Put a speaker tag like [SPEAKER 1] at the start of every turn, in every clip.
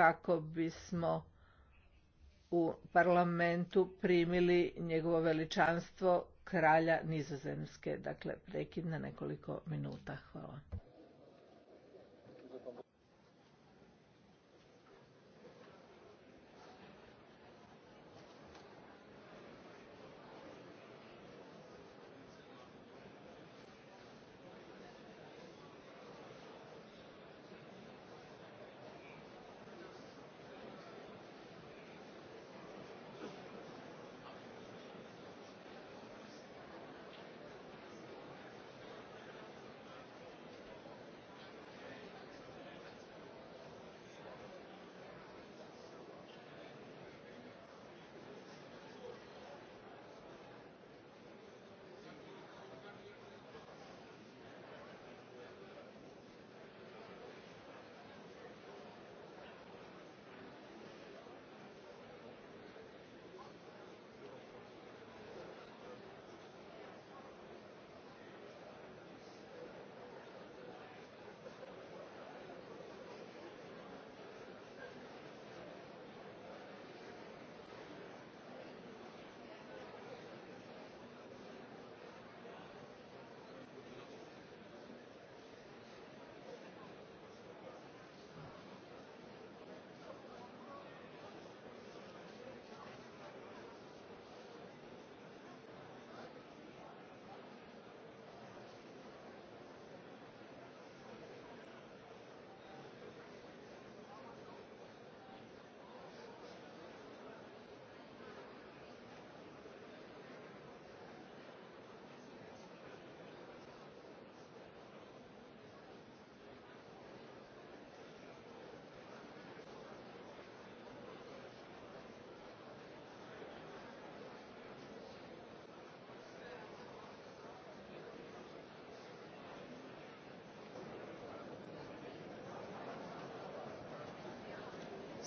[SPEAKER 1] kako bismo u parlamentu primili njegovo veličanstvo kralja nizozemske. Dakle, prekid na nekoliko minuta. Hvala.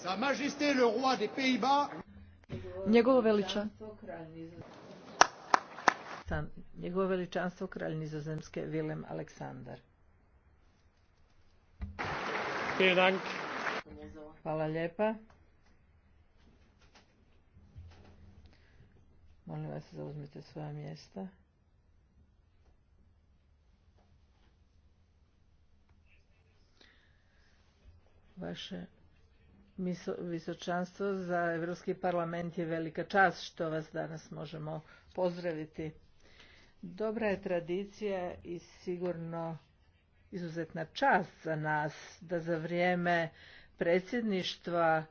[SPEAKER 2] Sa majesté le roi des Pays-Bas. Njegovo veličanstvo
[SPEAKER 1] kralj Njegovo veličanstvo kralj Nizozemske Willem Aleksandar. Hvala lijepa. Molim vas, zauzmite svoja mjesta. Vaše visočanstvo za Europski parlament je velika čast što vas danas možemo pozdraviti. Dobra je tradicija i sigurno izuzetna čast za nas da za vrijeme predsjedništva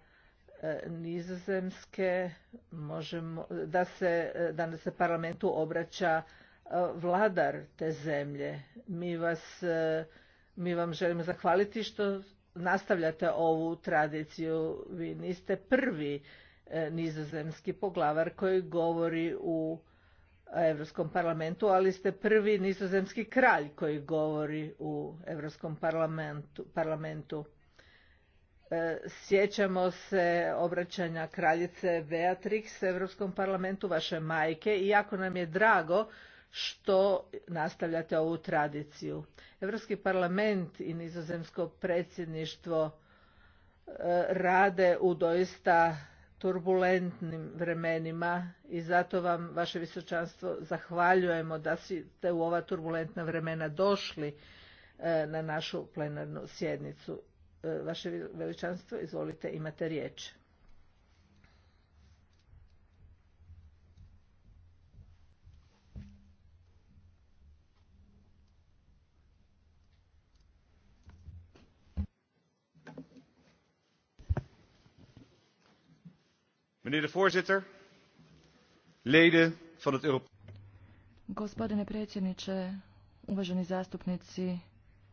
[SPEAKER 1] e, Nizozemske možemo, da se, e, da se parlamentu obraća e, vladar te zemlje. Mi vas mi vam želimo zahvaliti što nastavljate ovu tradiciju. Vi niste prvi e, nizozemski poglavar koji govori u Europskom parlamentu, ali ste prvi nizozemski kralj koji govori u Europskom parlamentu. parlamentu. E, sjećamo se obraćanja kraljice Beatrix u Europskom parlamentu, vaše majke, i jako nam je drago što nastavljate ovu tradiciju. Europski parlament i nizozemsko predsjedništvo e, rade u doista turbulentnim vremenima i zato vam, vaše visočanstvo, zahvaljujemo da ste u ova turbulentna vremena došli e, na našu plenarnu sjednicu. E, vaše veličanstvo, izvolite, imate riječ. Meneer voorzitter, leden van het
[SPEAKER 2] Gospodine predsjedniče, uvaženi zastupnici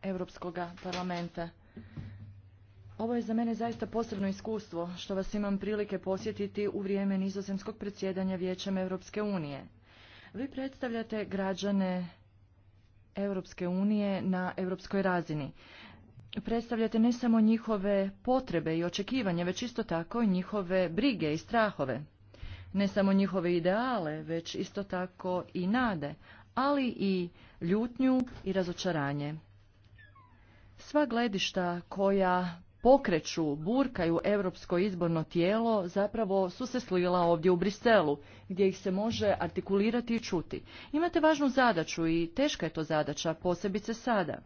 [SPEAKER 2] Europskoga parlamenta, ovo je za mene zaista posebno iskustvo što vas imam prilike posjetiti u vrijeme nizozemskog predsjedanja Vijećem Europske unije. Vi predstavljate građane Europske unije na europskoj razini predstavljate ne samo njihove potrebe i očekivanja, već isto tako i njihove brige i strahove. Ne samo njihove ideale, već isto tako i nade, ali i ljutnju i razočaranje. Sva gledišta koja pokreću, burkaju europsko izborno tijelo zapravo su se slila ovdje u Briselu, gdje ih se može artikulirati i čuti. Imate važnu zadaću i teška je to zadaća, posebice sada.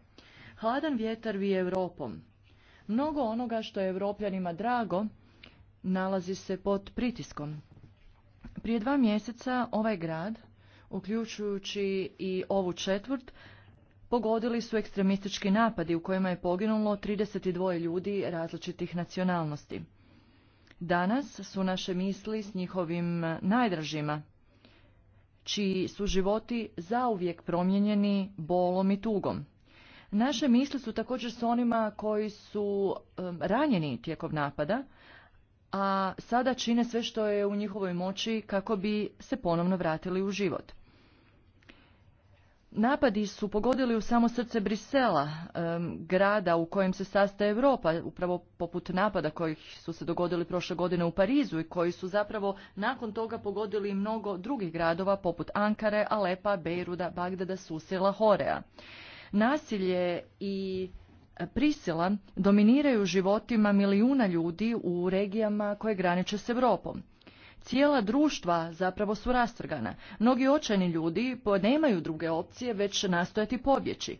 [SPEAKER 2] Hladan vjetar vije Europom. Mnogo onoga što je Europljanima drago nalazi se pod pritiskom. Prije dva mjeseca ovaj grad, uključujući i ovu četvrt, pogodili su ekstremistički napadi u kojima je poginulo 32 ljudi različitih nacionalnosti. Danas su naše misli s njihovim najdražima, čiji su životi zauvijek promijenjeni bolom i tugom. Naše misli su također s onima koji su ranjeni tijekom napada, a sada čine sve što je u njihovoj moći kako bi se ponovno vratili u život. Napadi su pogodili u samo srce Brisela, grada u kojem se sastaje Europa, upravo poput napada koji su se dogodili prošle godine u Parizu i koji su zapravo nakon toga pogodili mnogo drugih gradova poput Ankare, Alepa, Beiruda, Bagdada, Susila, Horea. Nasilje i prisila dominiraju životima milijuna ljudi u regijama koje graniče s Europom. Cijela društva zapravo su rastrgana. Mnogi očajni ljudi nemaju druge opcije već nastojati pobjeći.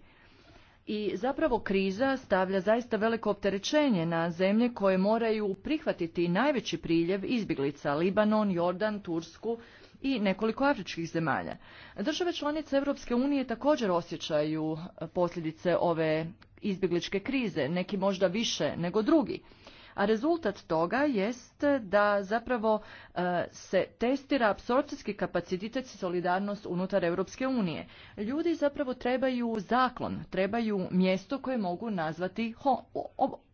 [SPEAKER 2] I zapravo kriza stavlja zaista veliko opterećenje na zemlje koje moraju prihvatiti najveći priljev izbjeglica Libanon, Jordan, Tursku, i nekoliko afričkih zemalja. Države članice Europske unije također osjećaju e, posljedice ove izbjegličke krize, neki možda više nego drugi. A rezultat toga jest da zapravo e, se testira apsorpcijski kapacitet i solidarnost unutar Europske unije. Ljudi zapravo trebaju zaklon, trebaju mjesto koje mogu nazvati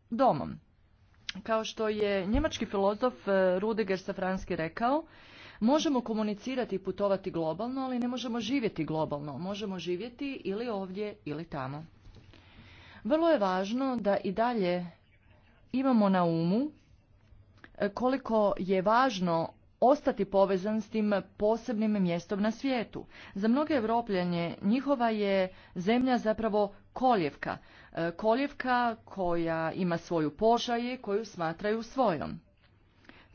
[SPEAKER 2] domom. Kao što je njemački filozof e, Rudiger Safranski rekao, Možemo komunicirati i putovati globalno, ali ne možemo živjeti globalno. Možemo živjeti ili ovdje ili tamo. Vrlo je važno da i dalje imamo na umu e, koliko je važno ostati povezan s tim posebnim mjestom na svijetu. Za mnoge Evropljanje njihova je zemlja zapravo koljevka. E, koljevka koja ima svoju požaje koju smatraju svojom.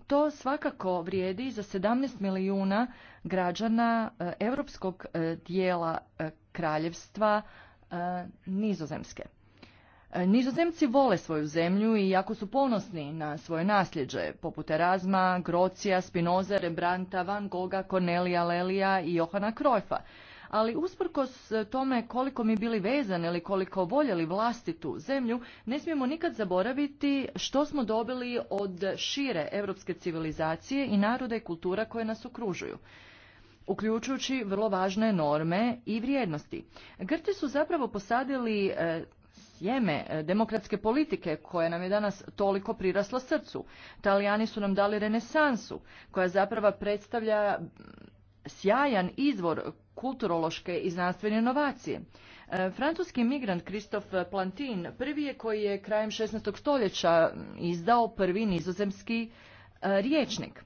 [SPEAKER 2] To svakako vrijedi za 17 milijuna građana e, europskog e, dijela e, kraljevstva nizozemske. Nizozemci vole svoju zemlju i jako su ponosni na svoje nasljeđe, poput Erasma, Grocija, Spinoza, Rembrandta, Van Goga, Cornelia, Lelija i Johana Krojfa ali usprkos e, tome koliko mi bili vezani ili koliko voljeli vlastitu zemlju, ne smijemo nikad zaboraviti što smo dobili od šire europske civilizacije i naroda i kultura koje nas okružuju uključujući vrlo važne norme i vrijednosti. Grci su zapravo posadili e, sjeme e, demokratske politike koja nam je danas toliko prirasla srcu. Talijani su nam dali renesansu koja zapravo predstavlja sjajan izvor kulturološke i znanstvene inovacije. E, francuski migrant Christophe Plantin prvi je koji je krajem 16. stoljeća izdao prvi nizozemski e, riječnik.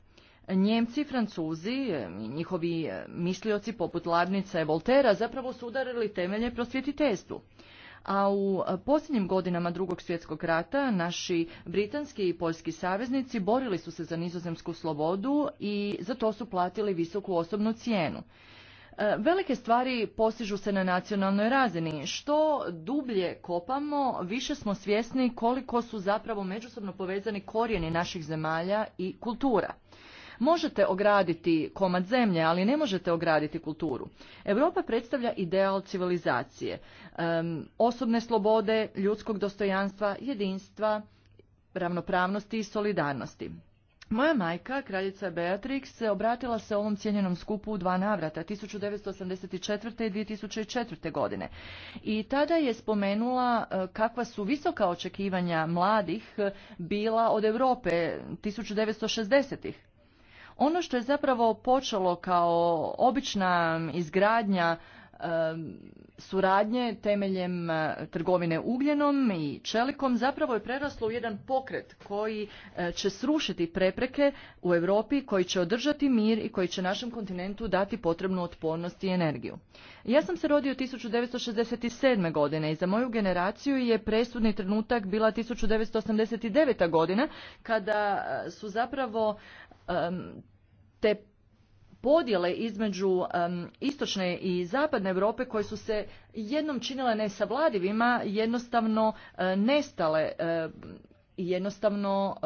[SPEAKER 2] Njemci, Francuzi i e, njihovi mislioci poput Larnice i Voltera zapravo su udarili temelje prosvjetiteljstvu a u e, posljednjim godinama drugog svjetskog rata naši britanski i poljski saveznici borili su se za nizozemsku slobodu i za to su platili visoku osobnu cijenu. E, velike stvari postižu se na nacionalnoj razini. Što dublje kopamo, više smo svjesni koliko su zapravo međusobno povezani korijeni naših zemalja i kultura. Možete ograditi komad zemlje, ali ne možete ograditi kulturu. Europa predstavlja ideal civilizacije, osobne slobode, ljudskog dostojanstva, jedinstva, ravnopravnosti i solidarnosti. Moja majka, kraljica Beatrix, obratila se ovom cijenjenom skupu u dva navrata, 1984. i 2004. godine. I tada je spomenula e, kakva su visoka očekivanja mladih e, bila od Europe 1960. -ih. Ono što je zapravo počelo kao obična izgradnja suradnje temeljem e, trgovine ugljenom i čelikom zapravo je preraslo u jedan pokret koji e, će srušiti prepreke u Europi, koji će održati mir i koji će našem kontinentu dati potrebnu otpornost i energiju. Ja sam se rodio 1967. godine i za moju generaciju je presudni trenutak bila 1989. godina kada e, su zapravo te podjele između istočne i zapadne Europe koje su se jednom činile nesavladivima jednostavno e, nestale e, i jednostavno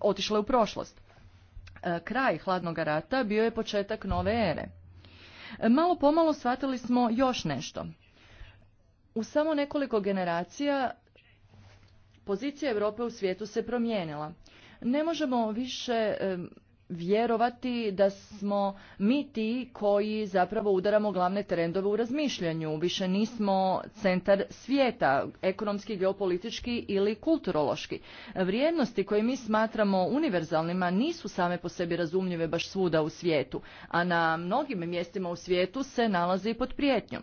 [SPEAKER 2] otišle u prošlost. E, kraj hladnog rata bio je početak nove ere. Malo pomalo shvatili smo još nešto. U samo nekoliko generacija pozicija Europe u svijetu se promijenila. Ne možemo više vjerovati da smo mi ti koji zapravo udaramo glavne trendove u razmišljanju. Više nismo centar svijeta, ekonomski, geopolitički ili kulturološki. Vrijednosti koje mi smatramo univerzalnima nisu same po sebi razumljive baš svuda u svijetu, a na mnogim mjestima u svijetu se nalaze i pod prijetnjom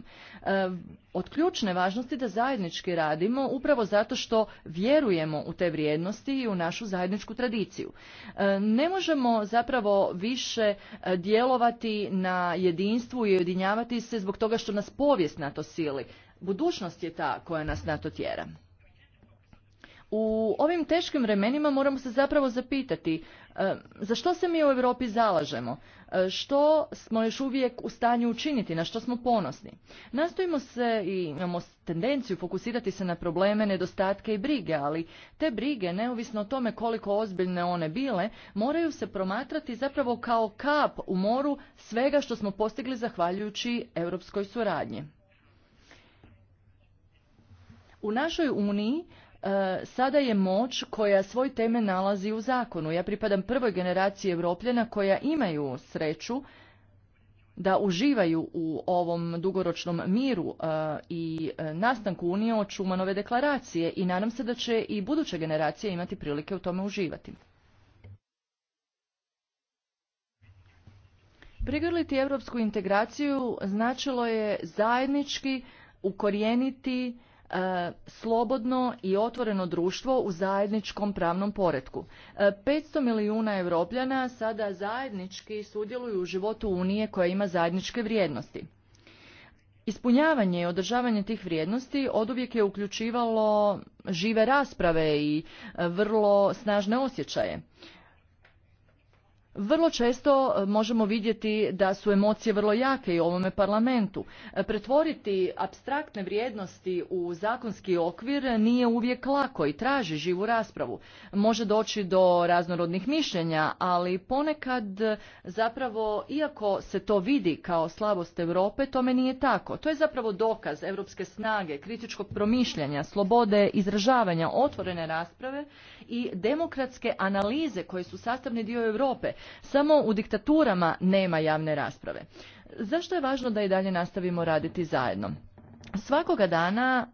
[SPEAKER 2] od ključne važnosti da zajednički radimo upravo zato što vjerujemo u te vrijednosti i u našu zajedničku tradiciju. E, ne možemo zapravo više e, djelovati na jedinstvu i ujedinjavati se zbog toga što nas povijest na to sili. Budućnost je ta koja nas na to tjera. U ovim teškim vremenima moramo se zapravo zapitati e, za što se mi u Europi zalažemo, e, što smo još uvijek u stanju učiniti, na što smo ponosni. Nastojimo se i imamo tendenciju fokusirati se na probleme, nedostatke i brige, ali te brige, neovisno o tome koliko ozbiljne one bile, moraju se promatrati zapravo kao kap u moru svega što smo postigli zahvaljujući europskoj suradnji. U našoj Uniji E, sada je moć koja svoj teme nalazi u zakonu. Ja pripadam prvoj generaciji Evropljena koja imaju sreću da uživaju u ovom dugoročnom miru e, i e, nastanku Unije od Čumanove deklaracije i nadam se da će i buduće generacija imati prilike u tome uživati. Prigrliti europsku integraciju značilo je zajednički ukorijeniti E, slobodno i otvoreno društvo u zajedničkom pravnom poretku. 500 e, milijuna europljana sada zajednički sudjeluju u životu Unije koja ima zajedničke vrijednosti. Ispunjavanje i održavanje tih vrijednosti oduvijek je uključivalo žive rasprave i e, vrlo snažne osjećaje. Vrlo često e, možemo vidjeti da su emocije vrlo jake i u ovome parlamentu. E, pretvoriti abstraktne vrijednosti u zakonski okvir nije uvijek lako i traži živu raspravu. Može doći do raznorodnih mišljenja, ali ponekad e, zapravo, iako se to vidi kao slabost Europe, tome nije tako. To je zapravo dokaz europske snage, kritičkog promišljanja, slobode izražavanja, otvorene rasprave i demokratske analize koje su sastavni dio Europe samo u diktaturama nema javne rasprave. Zašto je važno da i dalje nastavimo raditi zajedno? Svakoga dana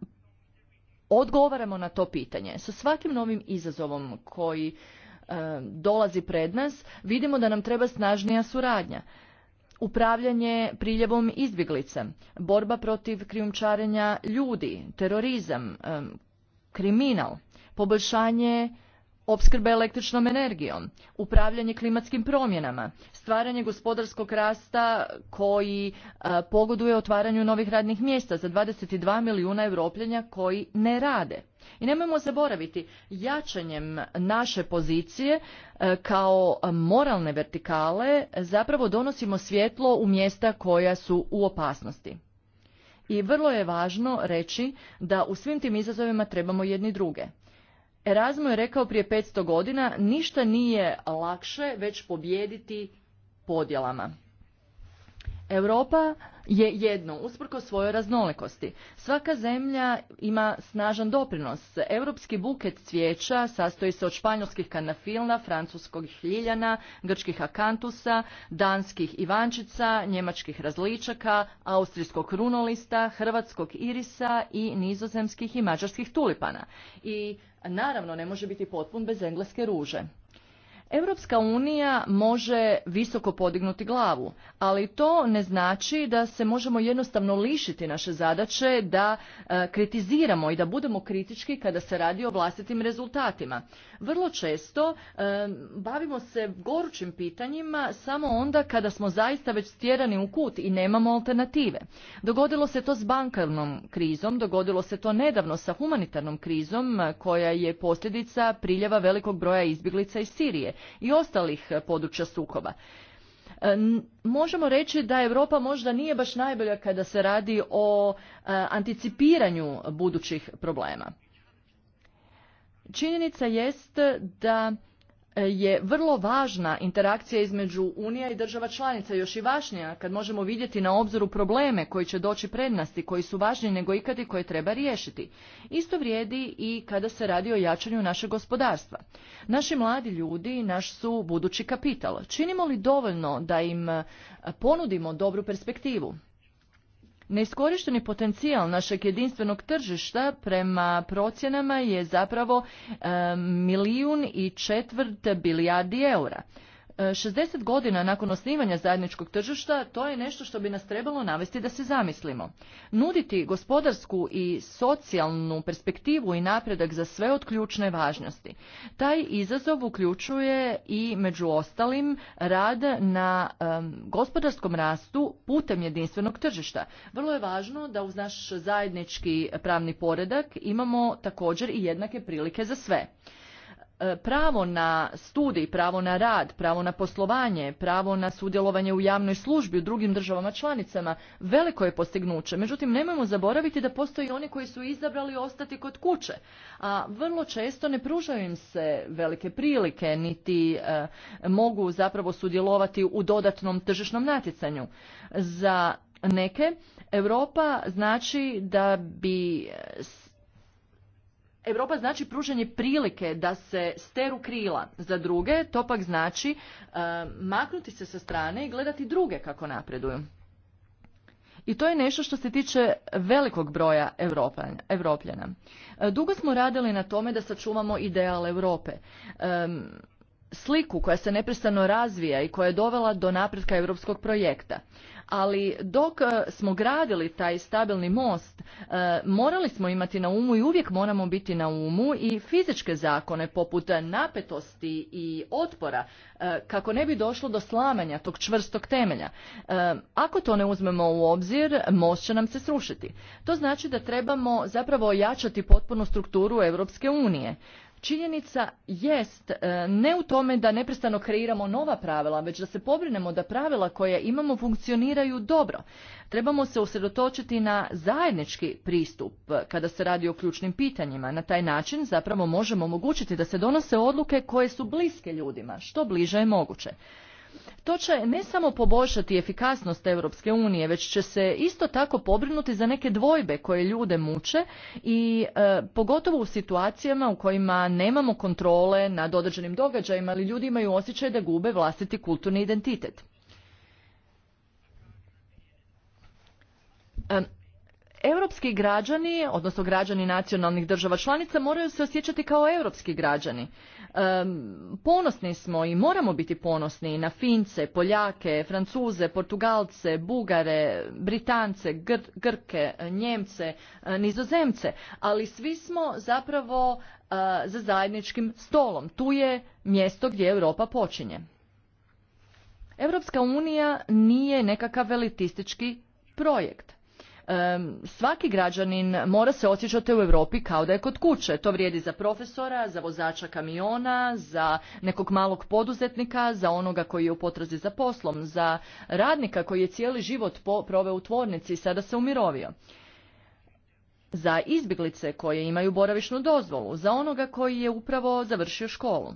[SPEAKER 2] odgovaramo na to pitanje. Sa svakim novim izazovom koji e, dolazi pred nas, vidimo da nam treba snažnija suradnja. Upravljanje priljevom izbjeglica, borba protiv krijumčarenja ljudi, terorizam, e, kriminal, poboljšanje opskrbe električnom energijom, upravljanje klimatskim promjenama, stvaranje gospodarskog rasta koji e, pogoduje otvaranju novih radnih mjesta za 22 milijuna europljenja koji ne rade. I nemojmo zaboraviti, jačanjem naše pozicije e, kao moralne vertikale zapravo donosimo svjetlo u mjesta koja su u opasnosti. I vrlo je važno reći da u svim tim izazovima trebamo jedni druge. Erasmo je rekao prije 500 godina, ništa nije lakše već pobijediti podjelama. Europa je jedno, usprko svojoj raznolikosti. Svaka zemlja ima snažan doprinos. Europski buket cvijeća sastoji se od španjolskih kanafilna, francuskog hiljana, grčkih akantusa, danskih ivančica, njemačkih različaka, austrijskog runolista, hrvatskog irisa i nizozemskih i mađarskih tulipana. I naravno ne može biti potpun bez engleske ruže. Europska unija može visoko podignuti glavu, ali to ne znači da se možemo jednostavno lišiti naše zadaće da e, kritiziramo i da budemo kritički kada se radi o vlastitim rezultatima. Vrlo često e, bavimo se gorućim pitanjima samo onda kada smo zaista već stjerani u kut i nemamo alternative. Dogodilo se to s bankarnom krizom, dogodilo se to nedavno sa humanitarnom krizom e, koja je posljedica priljeva velikog broja izbjeglica iz Sirije i ostalih e, područja sukoba. E, možemo reći da Europa možda nije baš najbolja kada se radi o e, anticipiranju budućih problema. Činjenica jest da je vrlo važna interakcija između Unija i država članica, još i važnija kad možemo vidjeti na obzoru probleme koji će doći pred nas i koji su važniji nego ikad i koje treba riješiti. Isto vrijedi i kada se radi o jačanju našeg gospodarstva. Naši mladi ljudi naš su budući kapital. Činimo li dovoljno da im ponudimo dobru perspektivu? Neiskorišteni potencijal našeg jedinstvenog tržišta prema procjenama je zapravo e, milijun i četvrt bilijardi eura. 60 e, godina nakon osnivanja zajedničkog tržišta to je nešto što bi nas trebalo navesti da se zamislimo. Nuditi gospodarsku i socijalnu perspektivu i napredak za sve od ključne važnosti. Taj izazov uključuje i među ostalim rad na gospodarskom rastu putem jedinstvenog tržišta. Vrlo je važno da uz naš zajednički pravni poredak imamo također i jednake prilike za sve. E, pravo na studij, pravo na rad, pravo na poslovanje, pravo na sudjelovanje u javnoj službi u drugim državama članicama, veliko je postignuće. Međutim, nemojmo zaboraviti da postoji oni koji su izabrali ostati kod kuće, a vrlo često ne pružaju im se velike prilike, niti e, mogu zapravo sudjelovati u dodatnom tržišnom natjecanju. Za neke Europa znači da bi Europa znači pružanje prilike da se steru krila za druge, to pak znači e, maknuti se sa strane i gledati druge kako napreduju. I to je nešto što se tiče velikog broja Evropljana. E, dugo smo radili na tome da sačuvamo ideal Europe sliku koja se neprestano razvija i koja je dovela do napretka europskog projekta. Ali dok e, smo gradili taj stabilni most, e, morali smo imati na umu i uvijek moramo biti na umu i fizičke zakone poput napetosti i otpora e, kako ne bi došlo do slamanja tog čvrstog temelja. Ako to ne uzmemo u obzir, most će nam se srušiti. To znači da trebamo zapravo ojačati potpunu strukturu Europske unije. Činjenica jest e, ne u tome da neprestano kreiramo nova pravila, već da se pobrinemo da pravila koja imamo funkcioniraju dobro. Trebamo se usredotočiti na zajednički pristup e, kada se radi o ključnim pitanjima. Na taj način zapravo možemo omogućiti da se donose odluke koje su bliske ljudima, što bliže je moguće. To će ne samo poboljšati efikasnost Europske unije, već će se isto tako pobrinuti za neke dvojbe koje ljude muče i e, pogotovo u situacijama u kojima nemamo kontrole nad određenim događajima, ali ljudi imaju osjećaj da gube vlastiti kulturni identitet europski građani, odnosno građani nacionalnih država članica, moraju se osjećati kao europski građani. ponosni smo i moramo biti ponosni na Fince, Poljake, Francuze, Portugalce, Bugare, Britance, Gr Grke, Njemce, e, Nizozemce, ali svi smo zapravo e, za zajedničkim stolom. Tu je mjesto gdje Europa počinje. Europska unija nije nekakav elitistički projekt svaki građanin mora se osjećati u Europi kao da je kod kuće. To vrijedi za profesora, za vozača kamiona, za nekog malog poduzetnika, za onoga koji je u potrazi za poslom, za radnika koji je cijeli život proveo u tvornici i sada se umirovio za izbjeglice koje imaju boravišnu dozvolu, za onoga koji je upravo završio školu.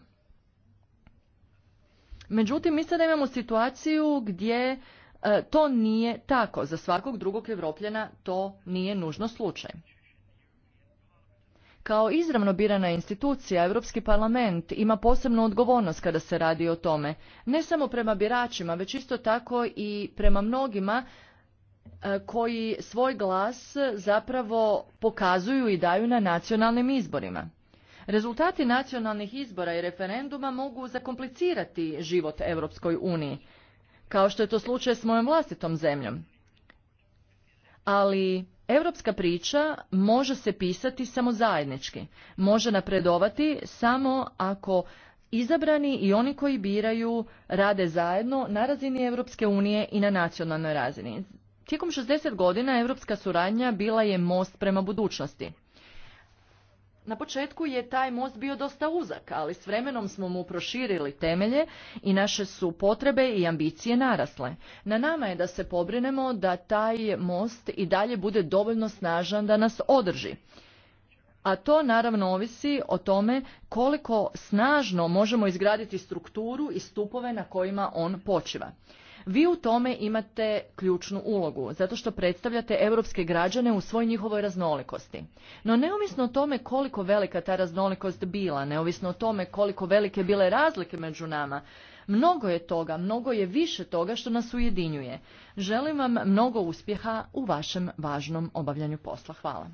[SPEAKER 2] Međutim, mi sada imamo situaciju gdje E, to nije tako. Za svakog drugog Evropljena to nije nužno slučaj. Kao izravno birana institucija, Europski parlament ima posebnu odgovornost kada se radi o tome. Ne samo prema biračima, već isto tako i prema mnogima e, koji svoj glas zapravo pokazuju i daju na nacionalnim izborima. Rezultati nacionalnih izbora i referenduma mogu zakomplicirati život Europskoj uniji kao što je to slučaj s mojom vlastitom zemljom. Ali europska priča može se pisati samo zajednički, može napredovati samo ako izabrani i oni koji biraju rade zajedno na razini Evropske unije i na nacionalnoj razini. Tijekom 60 godina europska suradnja bila je most prema budućnosti na početku je taj most bio dosta uzak, ali s vremenom smo mu proširili temelje i naše su potrebe i ambicije narasle. Na nama je da se pobrinemo da taj most i dalje bude dovoljno snažan da nas održi. A to naravno ovisi o tome koliko snažno možemo izgraditi strukturu i stupove na kojima on počiva. Vi u tome imate ključnu ulogu, zato što predstavljate europske građane u svoj njihovoj raznolikosti. No neovisno o tome koliko velika ta raznolikost bila, neovisno o tome koliko velike bile razlike među nama, Mnogo je toga, mnogo je više toga što nas ujedinjuje. Želim vam mnogo uspjeha u vašem važnom obavljanju posla. Hvala.